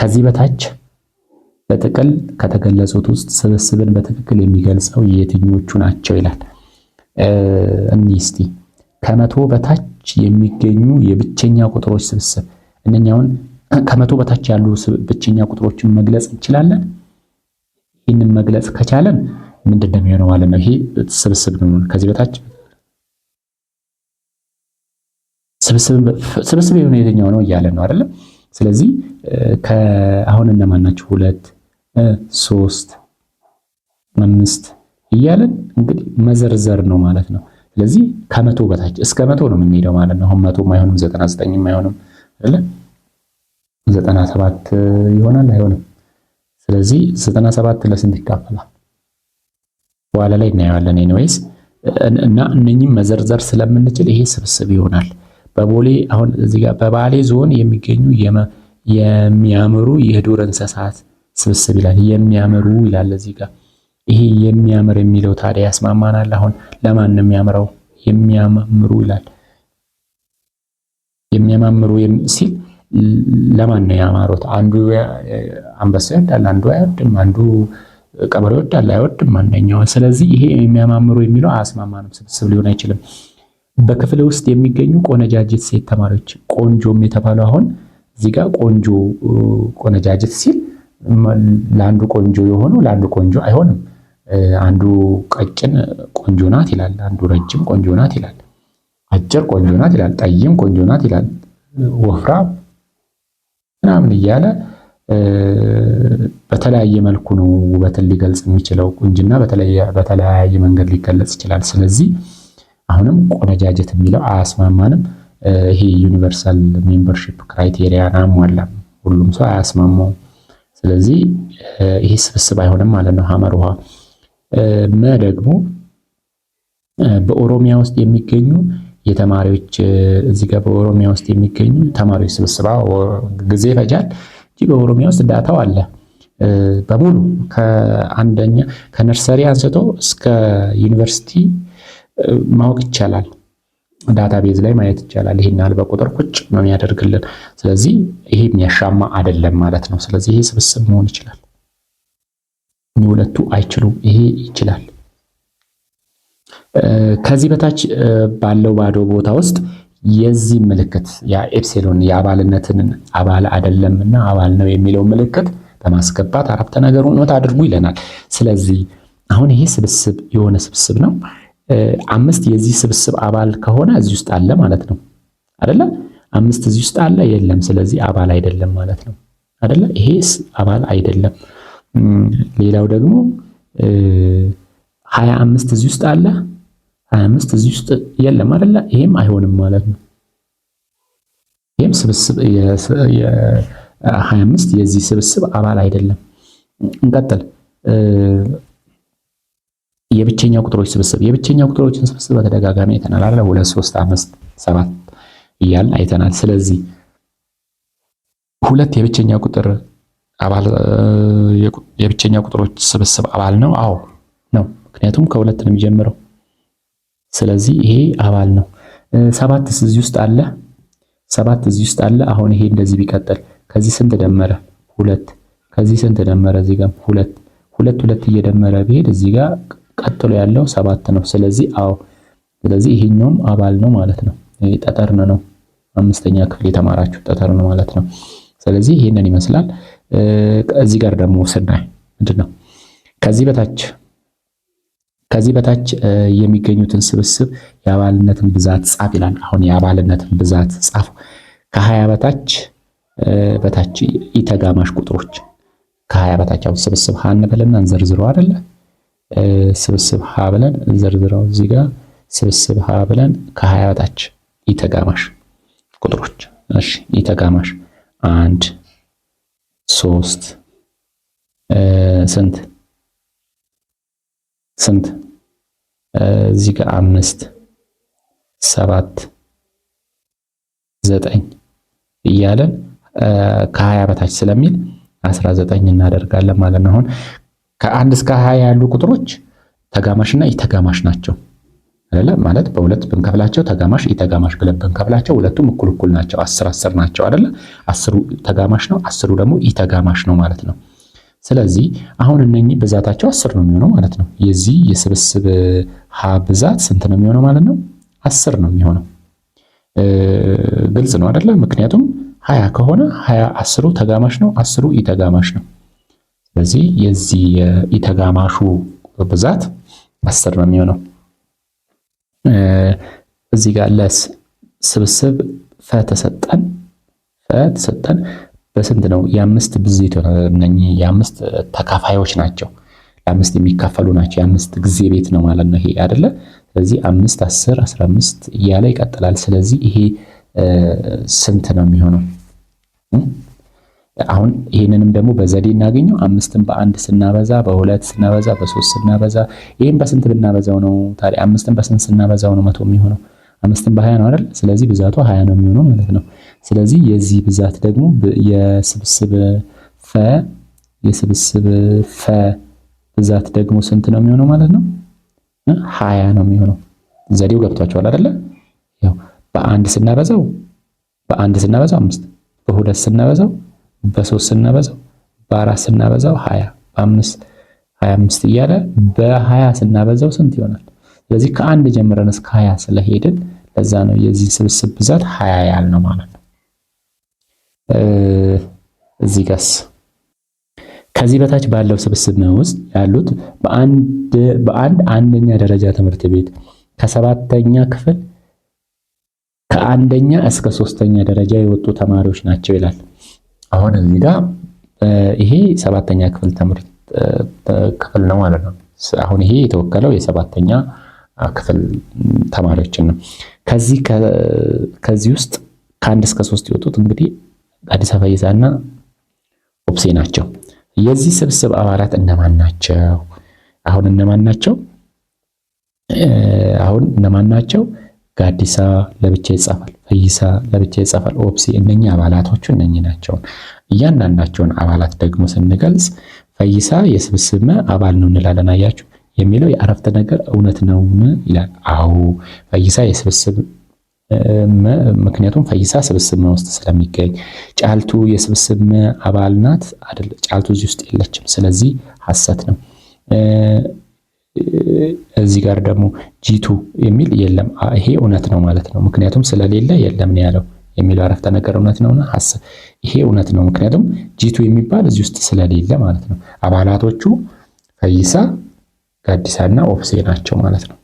ከዚህ በታች በጥቅል ከተገለጹት ውስጥ ስብስብን በትክክል የሚገልጸው የትኞቹ ናቸው ይላል። እንይ እስቲ ከመቶ በታች የሚገኙ የብቸኛ ቁጥሮች ስብስብ። እነኛውን ከመቶ በታች ያሉ ብቸኛ ቁጥሮችን መግለጽ እንችላለን። ይህንን መግለጽ ከቻለን ምንድን ነው የሚሆነው ማለት ነው? ይሄ ስብስብ ነው። ከዚህ በታች ስብስብ የሆነ የትኛው ነው እያለን ነው አይደለም? ስለዚህ አሁን እነማን ናቸው? ሁለት ሶስት አምስት እያለን እንግዲህ መዘርዘር ነው ማለት ነው። ስለዚህ ከመቶ በታች እስከ መቶ ነው የምንሄደው ማለት ነው። አሁን መቶም አይሆንም ዘጠና ዘጠኝም አይሆንም አይደለ? ዘጠና ሰባት ይሆናል አይሆንም? ስለዚህ ዘጠና ሰባት ለስንት ይካፈላል? በኋላ ላይ እናየዋለን። ኤኒዌይስ እና እነኚህም መዘርዘር ስለምንችል ይሄ ስብስብ ይሆናል። በቦሌ አሁን እዚህ ጋር በባሌ ዞን የሚገኙ የሚያምሩ የዱር እንስሳት ስብስብ ይላል። የሚያምሩ ይላል እዚህ ጋር ይሄ የሚያምር የሚለው ታዲያ ያስማማናል። አሁን ለማን ነው የሚያምረው? የሚያማምሩ ይላል። የሚያማምሩ ሲል ለማን ነው ያማሩት? አንዱ አንበሳ ይወዳል፣ አንዱ አይወድም፣ አንዱ ቀበሮ ይወዳል፣ አይወድም አንደኛው። ስለዚህ ይሄ የሚያማምሩ የሚለው አያስማማንም፣ ስብስብ ሊሆን አይችልም። በክፍል ውስጥ የሚገኙ ቆነጃጅት ሴት ተማሪዎች ቆንጆም የተባለው አሁን እዚህ ጋር ቆንጆ ቆነጃጅት ሲል ለአንዱ ቆንጆ የሆነው ለአንዱ ቆንጆ አይሆንም። አንዱ ቀጭን ቆንጆ ናት ይላል፣ አንዱ ረጅም ቆንጆ ናት ይላል፣ አጭር ቆንጆ ናት ይላል፣ ጠይም ቆንጆ ናት ይላል፣ ወፍራም ምናምን እያለ በተለያየ መልኩ ነው ውበትን ሊገልጽ የሚችለው። ቁንጅና በተለያየ መንገድ ሊገለጽ ይችላል። ስለዚህ አሁንም ቆነጃጀት የሚለው አያስማማንም። ይሄ ዩኒቨርሳል ሜምበርሺፕ ክራይቴሪያን አሟላም፣ ሁሉም ሰው አያስማማውም። ስለዚህ ይሄ ስብስብ አይሆንም ማለት ነው። ሀመር ውሃ መ ደግሞ በኦሮሚያ ውስጥ የሚገኙ የተማሪዎች እዚህ ጋር በኦሮሚያ ውስጥ የሚገኙ ተማሪዎች ስብስባ ጊዜ ይፈጃል እንጂ በኦሮሚያ ውስጥ ዳታው አለ በሙሉ ከአንደኛ ከነርሰሪ አንስቶ እስከ ዩኒቨርሲቲ ማወቅ ይቻላል። ዳታቤዝ ላይ ማየት ይቻላል። ይሄን ያህል በቁጥር ቁጭ ነው የሚያደርግልን። ስለዚህ ይሄ የሚያሻማ አይደለም ማለት ነው። ስለዚህ ይሄ ስብስብ መሆን ይችላል። ሁለቱ አይችሉም፣ ይሄ ይችላል። ከዚህ በታች ባለው ባዶ ቦታ ውስጥ የዚህ ምልክት ያ ኤፕሲሎን የአባልነትን አባል አይደለምና አባል ነው የሚለው ምልክት በማስገባት አረፍተ ነገሩን አድርጉ ይለናል። ስለዚህ አሁን ይሄ ስብስብ የሆነ ስብስብ ነው። አምስት የዚህ ስብስብ አባል ከሆነ እዚህ ውስጥ አለ ማለት ነው አደለ? አምስት እዚህ ውስጥ አለ የለም። ስለዚህ አባል አይደለም ማለት ነው አደለ? ይሄስ አባል አይደለም። ሌላው ደግሞ ሀያ አምስት እዚህ ውስጥ አለ ሀያ አምስት እዚህ ውስጥ የለም አደለ? ይሄም አይሆንም ማለት ነው። ይሄም ስብስብ ሀያ አምስት የዚህ ስብስብ አባል አይደለም። እንቀጥል። የብቸኛ ቁጥሮች ስብስብ የብቸኛ ቁጥሮችን ስብስብ በተደጋጋሚ አይተናል አለ ሁለት ሶስት አምስት ሰባት እያልን አይተናል። ስለዚህ ሁለት የብቸኛ ቁጥር አባል የብቸኛ ቁጥሮች ስብስብ አባል ነው። አዎ ነው፣ ምክንያቱም ከሁለት ነው የሚጀምረው። ስለዚህ ይሄ አባል ነው። ሰባት እዚህ ውስጥ አለ፣ ሰባት እዚህ ውስጥ አለ። አሁን ይሄ እንደዚህ ቢቀጥል ከዚህ ስንት ደመረ? ሁለት። ከዚህ ስንት ደመረ? እዚህ ጋር ሁለት ሁለት ሁለት እየደመረ ቢሄድ እዚህ ጋር ቀጥሎ ያለው ሰባት ነው። ስለዚህ አዎ፣ ስለዚህ ይሄኛውም አባል ነው ማለት ነው። ጠጠርን ነው አምስተኛ ክፍል የተማራችሁ ጠጠርን ማለት ነው። ስለዚህ ይሄንን ይመስላል። እዚህ ጋር ደግሞ ስናይ ምንድን ነው ከዚህ በታች ከዚህ በታች የሚገኙትን ስብስብ የአባልነትን ብዛት ጻፍ ይላል። አሁን የአባልነትን ብዛት ጻፉ። ከሀያ በታች በታች ኢተጋማሽ ቁጥሮች ከሀያ በታች አሁን ስብስብ ሀ እንበልና እንዘርዝረው አይደለ ስብስብ ሀ ብለን እንዘርዝረው። እዚህ ጋር ስብስብ ሀ ብለን ከሀያ በታች ኢተጋማሽ ቁጥሮች እሺ፣ ኢተጋማሽ አንድ ሶስት ስንት ስንት እዚህ ጋር አምስት ሰባት ዘጠኝ እያለን ከሀያ በታች ስለሚል አስራ ዘጠኝ እናደርጋለን ማለት ነው አሁን ከአንድ እስከ ሀያ ያሉ ቁጥሮች ተጋማሽና ኢተጋማሽ ናቸው አይደለ? ማለት በሁለት ብንከፍላቸው ተጋማሽ ኢተጋማሽ ብለን ብንከፍላቸው ሁለቱም እኩል እኩል ናቸው። አስር አስር ናቸው አይደለ? አስሩ ተጋማሽ ነው፣ አስሩ ደግሞ ኢተጋማሽ ነው ማለት ነው። ስለዚህ አሁን እነኚህ ብዛታቸው አስር ነው የሚሆነው ማለት ነው። የዚህ የስብስብ ሀ ብዛት ስንት ነው የሚሆነው ማለት ነው? አስር ነው የሚሆነው። ግልጽ ነው አይደለ? ምክንያቱም ሀያ ከሆነ ሀያ አስሩ ተጋማሽ ነው፣ አስሩ ኢተጋማሽ ነው። ስለዚህ የዚህ የኢተጋማሹ ብዛት አስር ነው የሚሆነው። እዚህ ጋር ለስ ስብስብ ፈ ተሰጠን ፈ ተሰጠን በስንት ነው? የአምስት ብዜት ነኝ። የአምስት ተካፋዮች ናቸው። ለአምስት የሚካፈሉ ናቸው። የአምስት ጊዜ ቤት ነው ማለት ነው ይሄ አይደለ? ስለዚህ አምስት አስር አስራ አምስት እያለ ይቀጥላል። ስለዚህ ይሄ ስንት ነው የሚሆነው? አሁን ይህንንም ደግሞ በዘዴ እናገኘው አምስትን በአንድ ስናበዛ በሁለት ስናበዛ በሶስት ስናበዛ ይህም በስንት ብናበዛው ነው ታዲያ? አምስትን በስንት ስናበዛው ነው መቶ የሚሆነው? አምስትን በሀያ ነው አይደል? ስለዚህ ብዛቱ ሀያ ነው የሚሆነው ማለት ነው። ስለዚህ የዚህ ብዛት ደግሞ የስብስብ ፈ የስብስብ ፈ ብዛት ደግሞ ስንት ነው የሚሆነው ማለት ነው? ሀያ ነው የሚሆነው። ዘዴው ገብቷቸዋል አይደለ? ያው በአንድ ስናበዛው በአንድ ስናበዛው አምስት በሁለት ስናበዛው በሶስት ስናበዛው በአራት ስናበዛው ሀያ በአምስት ሀያ አምስት እያለ በሀያ ስናበዛው ስንት ይሆናል? ስለዚህ ከአንድ ጀምረን እስከ ሀያ ስለሄድን ለዛ ነው የዚህ ስብስብ ብዛት ሀያ ያል ነው ማለት ነው። እዚህ ጋስ ከዚህ በታች ባለው ስብስብ ውስጥ ያሉት በአንድ አንደኛ ደረጃ ትምህርት ቤት ከሰባተኛ ክፍል ከአንደኛ እስከ ሶስተኛ ደረጃ የወጡ ተማሪዎች ናቸው ይላል። አሁን እዚህ ጋር ይሄ ሰባተኛ ክፍል ትምህርት ክፍል ነው ማለት ነው። አሁን ይሄ የተወከለው የሰባተኛ ክፍል ተማሪዎችን ነው። ከዚህ ከዚህ ውስጥ ከአንድ እስከ ሶስት የወጡት እንግዲህ አዲስ አበባ ይዛና ኦፕሴ ናቸው። የዚህ ስብስብ አባላት እነማን ናቸው? አሁን እነማን ናቸው? አሁን እነማን ናቸው? ጋዲሳ ለብቻ ይጻፋል፣ ፈይሳ ለብቻ ይጻፋል፣ ኦፕሲ እነኚህ አባላቶቹ እነኚህ ናቸው። እያንዳንዳቸውን አባላት ደግሞ ስንገልጽ ፈይሳ የስብስብ መ አባል ነው እንላለን። አያችሁ የሚለው የአረፍተ ነገር እውነት ነው ይላል። አዎ ፈይሳ የስብስብ ምክንያቱም ፈይሳ ስብስብ መ ውስጥ ስለሚገኝ፣ ጫልቱ የስብስብ መ አባል ናት አይደል? ጫልቱ እዚህ ውስጥ የለችም። ስለዚህ ሐሰት ነው። እዚህ ጋር ደግሞ ጂቱ የሚል የለም። ይሄ እውነት ነው ማለት ነው። ምክንያቱም ስለሌለ የለም ነው ያለው የሚለው አረፍተ ነገር እውነት ነውና ሐሰት ይሄ እውነት ነው። ምክንያቱም ጂቱ የሚባል እዚህ ውስጥ ስለሌለ ማለት ነው። አባላቶቹ ፈይሳ፣ ጋዲሳና ኦፍሴ ናቸው ማለት ነው።